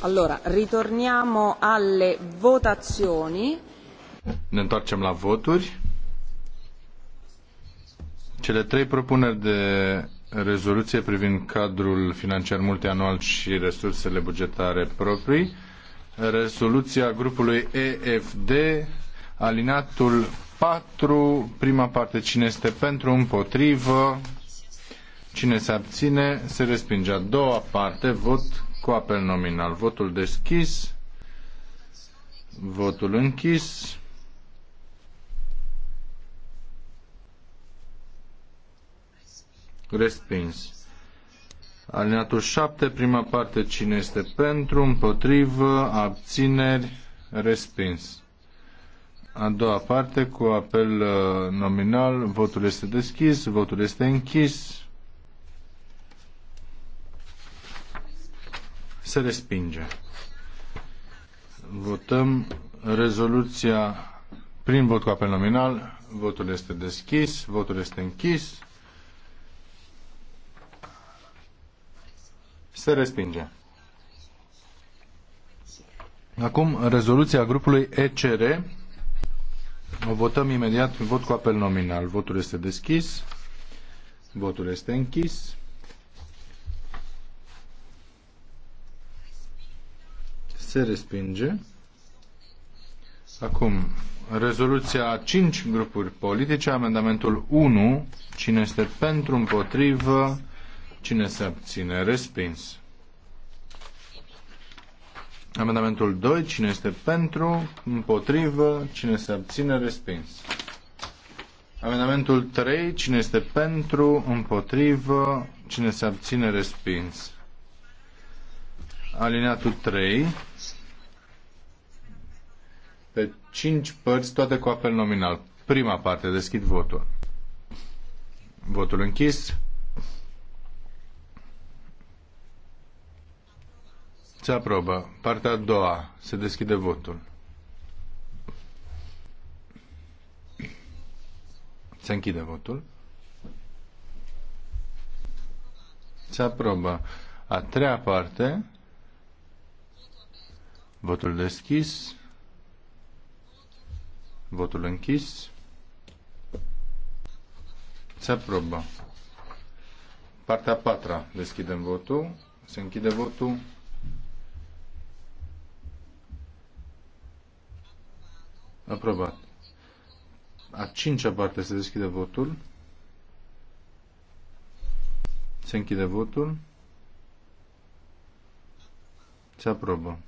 Allora, ritorniamo alle votazioni. Ne întoarcem la voturi. Cele trei propuneri de rezoluție privind cadrul financiar multianual și resursele bugetare proprii, rezoluția grupului EFD, alinatul 4, prima parte, cine este pentru, împotrivă, cine se abține, se respinge. A doua parte, vot cu apel nominal. Votul deschis. Votul închis. Respins. Alineatul 7, prima parte, cine este pentru, împotrivă, abțineri, respins. A doua parte, cu apel uh, nominal, votul este deschis, votul este închis. Se respinge. Votăm rezoluția prin vot cu apel nominal. Votul este deschis, votul este închis. Se respinge. Acum, rezoluția grupului ECR. O votăm imediat, vot cu apel nominal. Votul este deschis. Votul este închis. se respinge. Acum, rezoluția 5 grupuri politice, amendamentul 1, cine este pentru, împotrivă, cine se abține, respins. Amendamentul 2, cine este pentru, împotrivă, cine se abține, respins. Amendamentul 3, cine este pentru, împotrivă, cine se abține, respins. Alineatul 3, pe cinci părți, toate cu apel nominal. Prima parte, deschid votul. Votul închis. Se aprobă. Partea a doua. Se deschide votul. Se închide votul. Se aprobă. A treia parte. Votul deschis. Votul închis. Se aprobă. Partea a patra. Deschidem votul. Se închide votul. Aprobat. A cincea parte se deschide votul. Se închide votul. Se aprobă.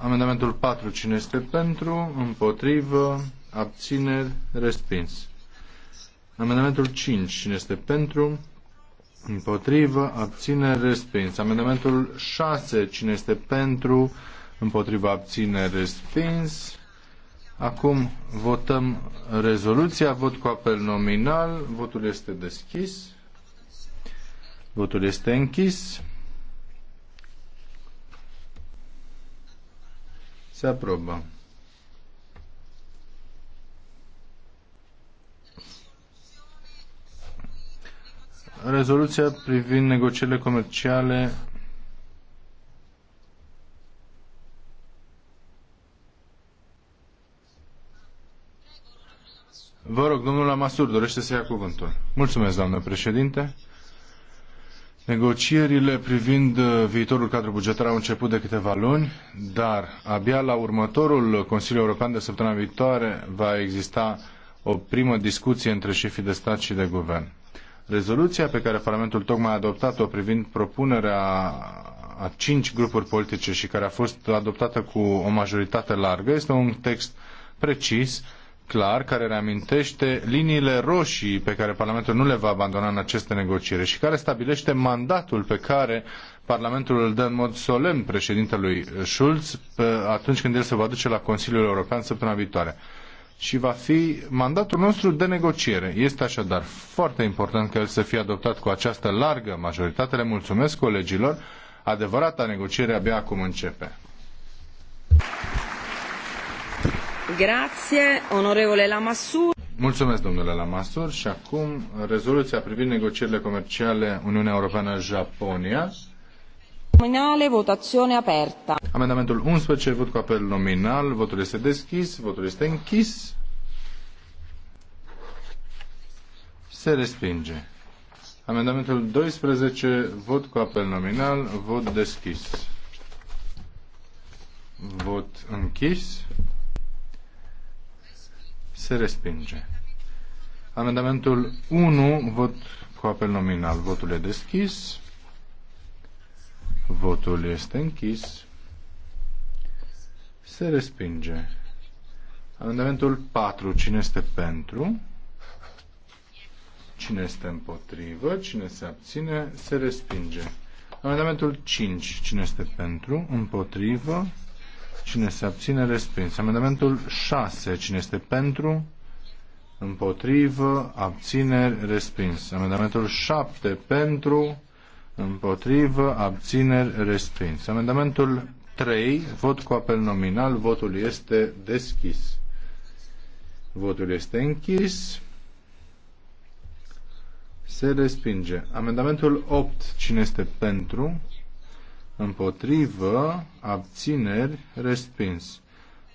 Amendamentul 4. Cine este pentru? Împotrivă? Abțineri? Respins. Amendamentul 5. Cine este pentru? Împotrivă? Abțineri? Respins. Amendamentul 6. Cine este pentru? Împotrivă? Abțineri? Respins. Acum votăm rezoluția. Vot cu apel nominal. Votul este deschis. Votul este închis. Se aprobă. Rezoluția privind negocierile comerciale Vă rog, domnul Amasur dorește să ia cuvântul. Mulțumesc, doamnă președinte. Negocierile privind uh, viitorul cadru bugetar au început de câteva luni, dar abia la următorul Consiliu European de săptămâna viitoare va exista o primă discuție între șefii de stat și de guvern. Rezoluția pe care Parlamentul tocmai a adoptat-o privind propunerea a cinci grupuri politice și care a fost adoptată cu o majoritate largă este un text precis clar care reamintește liniile roșii pe care Parlamentul nu le va abandona în aceste negociere și care stabilește mandatul pe care Parlamentul îl dă în mod solemn președintelui Schulz atunci când el se va duce la Consiliul European săptămâna viitoare. Și va fi mandatul nostru de negociere. Este așadar foarte important că el să fie adoptat cu această largă majoritate. Le mulțumesc colegilor. Adevărata negociere abia acum începe. onorevole Lamassur. Mulțumesc, domnule Lamassur. Și acum, rezoluția privind negocierile comerciale Uniunea Europeană-Japonia. Nominale, votazione aperta. Amendamentul 11, vot cu apel nominal. Votul este deschis, votul este închis. Se respinge. Amendamentul 12, vot cu apel nominal, vot deschis. Vot închis. Se respinge. Amendamentul 1, vot cu apel nominal. Votul e deschis. Votul este închis. Se respinge. Amendamentul 4. Cine este pentru? Cine este împotrivă? Cine se abține? Se respinge. Amendamentul 5. Cine este pentru? Împotrivă? Cine se abține, respins. Amendamentul 6. Cine este pentru? Împotrivă, abțineri, respins. Amendamentul 7. Pentru, împotrivă, abțineri, respins. Amendamentul 3. Vot cu apel nominal. Votul este deschis. Votul este închis. Se respinge. Amendamentul 8. Cine este pentru? Împotrivă, abțineri, respins.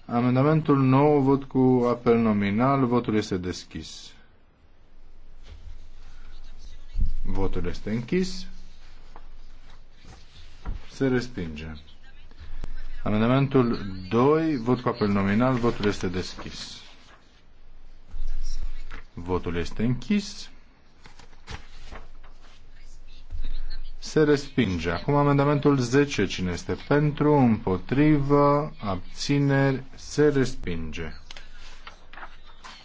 Amendamentul nou vot cu apel nominal, votul este deschis. Votul este închis. Se respinge. Amendamentul 2, vot cu apel nominal, votul este deschis. Votul este închis. se respinge. Acum amendamentul 10, cine este pentru, împotrivă, abțineri, se respinge.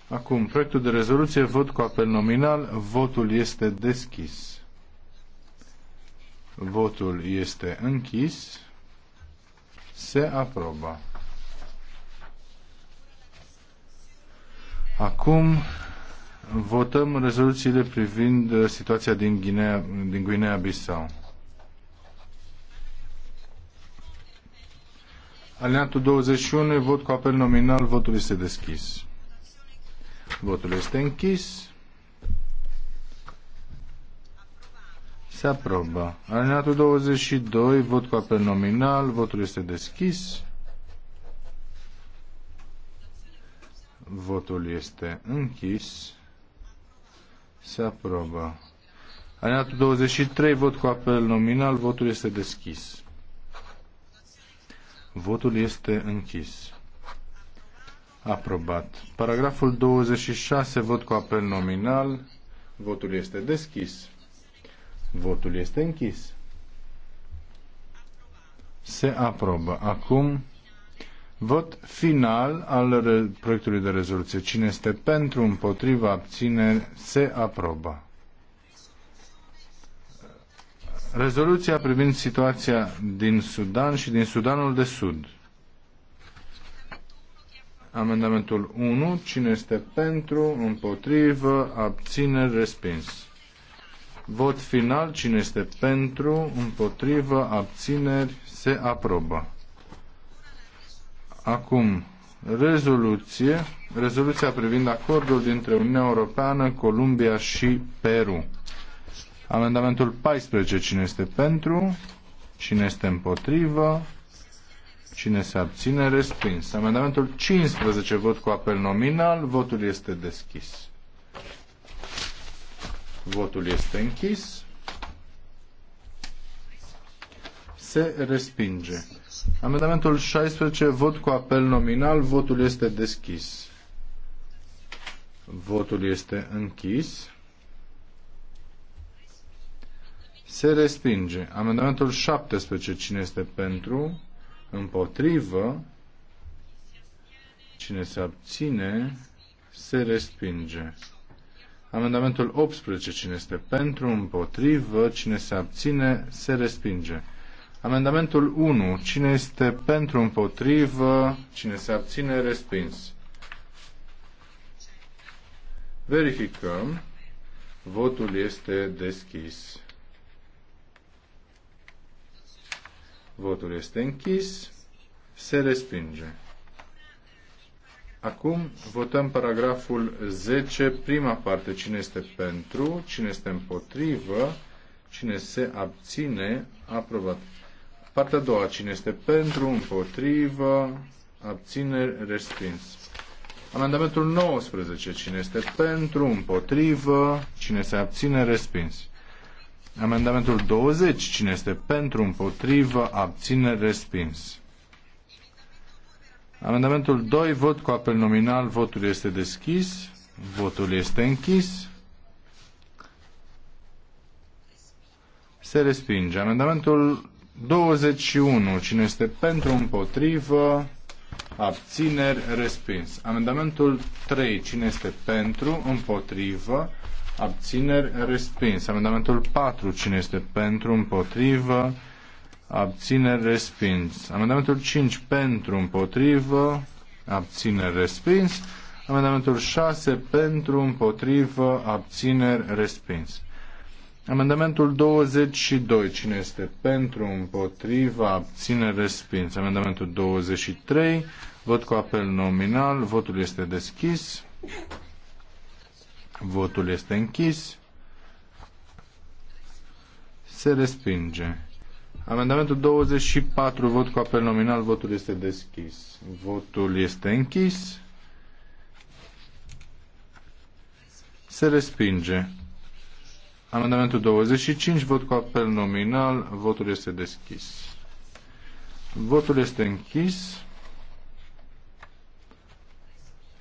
Acum, proiectul de rezoluție, vot cu apel nominal, votul este deschis. Votul este închis. Se aprobă. Acum votăm rezoluțiile privind uh, situația din Guinea, din Guinea Bissau. Alineatul 21, vot cu apel nominal, votul este deschis. Votul este închis. Se aprobă. Alineatul 22, vot cu apel nominal, votul este deschis. Votul este închis. Se aprobă. Aliniatul 23, vot cu apel nominal, votul este deschis. Votul este închis. Aprobat. Paragraful 26, vot cu apel nominal, votul este deschis. Votul este închis. Se aprobă. Acum Vot final al proiectului de rezoluție. Cine este pentru, împotriva, abține, se aprobă. Rezoluția privind situația din Sudan și din Sudanul de Sud. Amendamentul 1. Cine este pentru, împotrivă, abține, respins. Vot final. Cine este pentru, împotrivă, abțineri, se aprobă. Acum, rezoluție, rezoluția privind acordul dintre Uniunea Europeană, Columbia și Peru. Amendamentul 14. Cine este pentru? Cine este împotrivă? Cine se abține? Respins. Amendamentul 15. Vot cu apel nominal. Votul este deschis. Votul este închis. Se respinge. Amendamentul 16, vot cu apel nominal, votul este deschis. Votul este închis. Se respinge. Amendamentul 17, cine este pentru? Împotrivă. Cine se abține? Se respinge. Amendamentul 18, cine este pentru? Împotrivă. Cine se abține? Se respinge. Amendamentul 1. Cine este pentru împotrivă? Cine se abține? Respins. Verificăm. Votul este deschis. Votul este închis. Se respinge. Acum votăm paragraful 10, prima parte. Cine este pentru? Cine este împotrivă? Cine se abține? Aprobat. Partea a doua, cine este pentru, împotrivă, abțineri, respins. Amendamentul 19, cine este pentru, împotrivă, cine se abține, respins. Amendamentul 20, cine este pentru, împotrivă, abține, respins. Amendamentul 2, vot cu apel nominal, votul este deschis, votul este închis. Se respinge. Amendamentul 21. Cine este pentru, împotrivă, abțineri, respins. Amendamentul 3. Cine este pentru, împotrivă, abțineri, respins. Amendamentul 4. Cine este pentru, împotrivă, abțineri, respins. Amendamentul 5. Pentru, împotrivă, abțineri, respins. Amendamentul 6. Pentru, împotrivă, abțineri, respins. Amendamentul 22. Cine este pentru, împotriva, abține, respins. Amendamentul 23. Vot cu apel nominal. Votul este deschis. Votul este închis. Se respinge. Amendamentul 24, vot cu apel nominal, votul este deschis. Votul este închis. Se respinge. Amendamentul 25, vot cu apel nominal, votul este deschis. Votul este închis.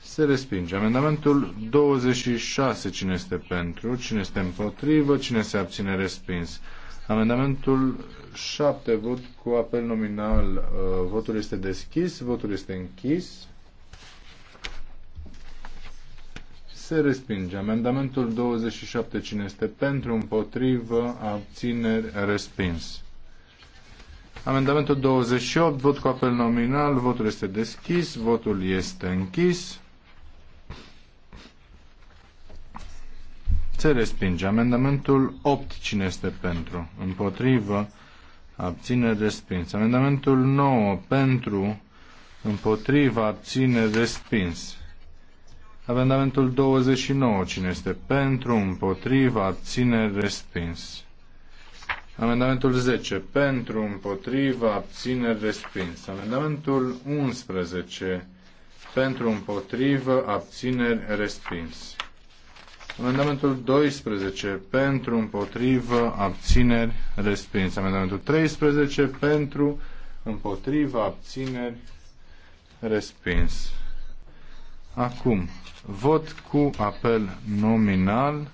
Se respinge. Amendamentul 26, cine este pentru, cine este împotrivă, cine se abține respins. Amendamentul 7, vot cu apel nominal, uh, votul este deschis, votul este închis. se respinge. Amendamentul 27, cine este pentru, împotrivă, abțineri, respins. Amendamentul 28, vot cu apel nominal, votul este deschis, votul este închis. Se respinge. Amendamentul 8, cine este pentru? Împotrivă, abține, respins. Amendamentul 9, pentru, împotrivă, abține, respins. Amendamentul 29. Cine este pentru, împotriva, abține, respins. Amendamentul 10. Pentru, împotriva, abține, respins. Amendamentul 11. Pentru, împotriva, abține, respins. Amendamentul 12. Pentru, împotriva, abțineri, respins. Amendamentul 13. Pentru, împotriva, abțineri, respins. Acum, vot cu apel nominal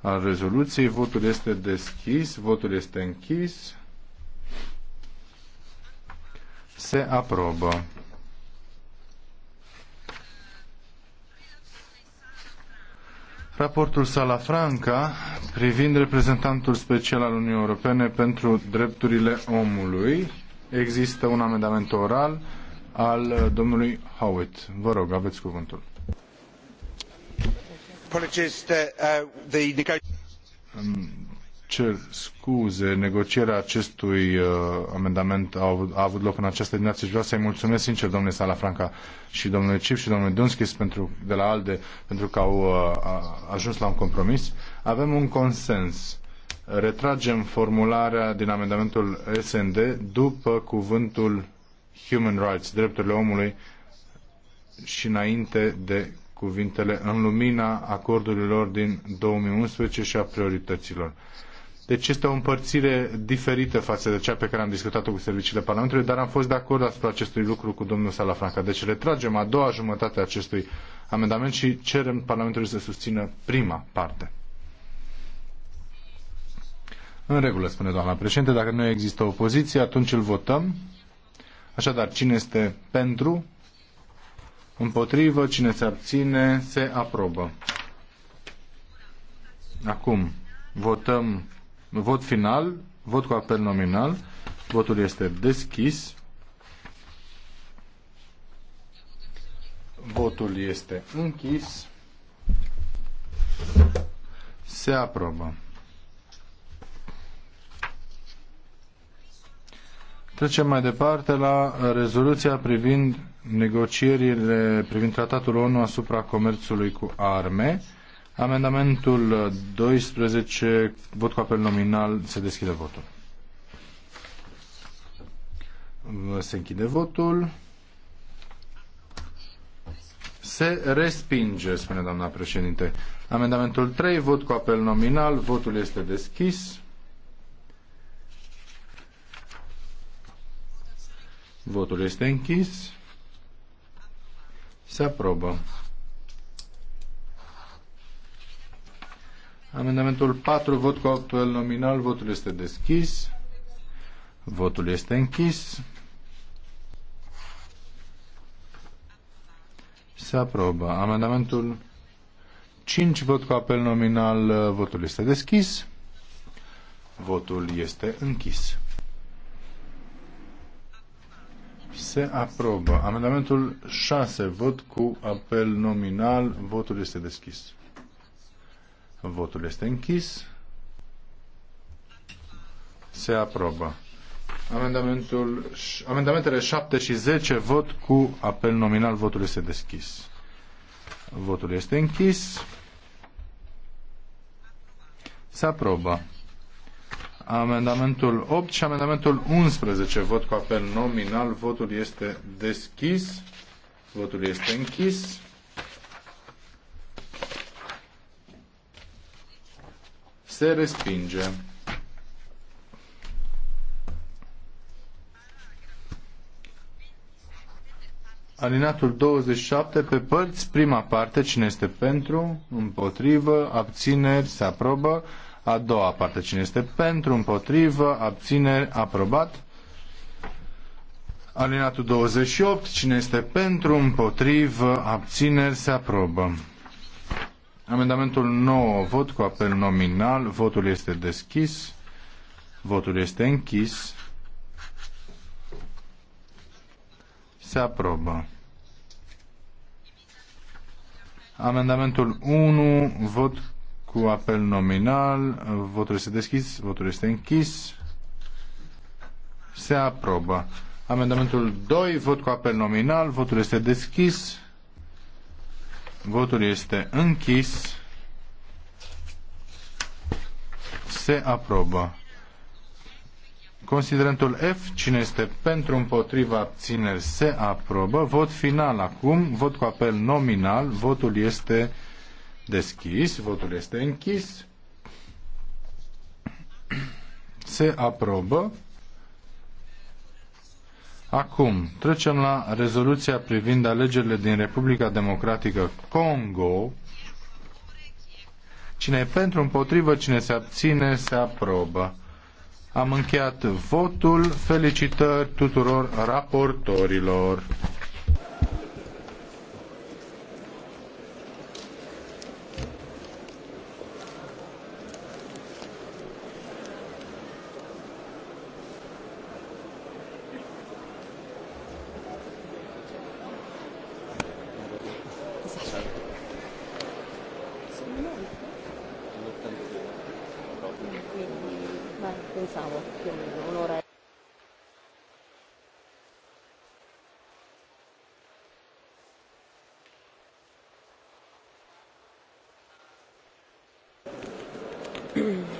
al rezoluției. Votul este deschis, votul este închis. Se aprobă. Raportul Sala Franca privind reprezentantul special al Uniunii Europene pentru drepturile omului. Există un amendament oral al uh, domnului Howitt. Vă rog, aveți cuvântul. Uh, uh, cer scuze, negocierea acestui uh, amendament a avut, a avut loc în această dimineață și vreau să-i mulțumesc sincer domnului Salafranca și domnului Cip și domnului Donskis pentru, de la ALDE pentru că au uh, ajuns la un compromis. Avem un consens. Retragem formularea din amendamentul SND după cuvântul Human Rights, drepturile omului, și înainte de cuvintele în lumina acordurilor din 2011 și a priorităților. Deci este o împărțire diferită față de cea pe care am discutat-o cu serviciile Parlamentului, dar am fost de acord asupra acestui lucru cu domnul Salafranca. Deci retragem a doua jumătate a acestui amendament și cerem Parlamentului să susțină prima parte. În regulă, spune doamna președinte, dacă nu există opoziție, atunci îl votăm. Așadar, cine este pentru? Împotrivă, cine se abține, se aprobă. Acum, votăm vot final, vot cu apel nominal. Votul este deschis. Votul este închis. Se aprobă. Trecem mai departe la rezoluția privind negocierile privind tratatul ONU asupra comerțului cu arme. Amendamentul 12, vot cu apel nominal, se deschide votul. Se închide votul. Se respinge, spune doamna președinte. Amendamentul 3, vot cu apel nominal, votul este deschis. Votul este închis. Se aprobă. Amendamentul 4, vot cu actual nominal, votul este deschis. Votul este închis. Se aprobă. Amendamentul 5, vot cu apel nominal, votul este deschis. Votul este închis. Se aprobă. Amendamentul 6. Vot cu apel nominal. Votul este deschis. Votul este închis. Se aprobă. Amendamentul, amendamentele 7 și 10, vot cu apel nominal, votul este deschis. Votul este închis. Se aprobă amendamentul 8 și amendamentul 11. Vot cu apel nominal. Votul este deschis. Votul este închis. Se respinge. Alinatul 27 pe părți, prima parte, cine este pentru, împotrivă, abțineri, se aprobă. A doua parte, cine este pentru, împotrivă, abțineri, aprobat. Alinatul 28, cine este pentru, împotrivă, abțineri, se aprobă. Amendamentul 9, vot cu apel nominal, votul este deschis, votul este închis, se aprobă. Amendamentul 1, vot cu apel nominal. Votul este deschis, votul este închis. Se aprobă. Amendamentul 2, vot cu apel nominal, votul este deschis. Votul este închis. Se aprobă. Considerentul F, cine este pentru împotriva abțineri, se aprobă. Vot final acum, vot cu apel nominal, votul este deschis, votul este închis. Se aprobă. Acum, trecem la rezoluția privind alegerile din Republica Democratică Congo. Cine e pentru, împotrivă, cine se abține, se aprobă. Am încheiat votul. Felicitări tuturor raportorilor. pensavo, più o meno, un'ora. Mm.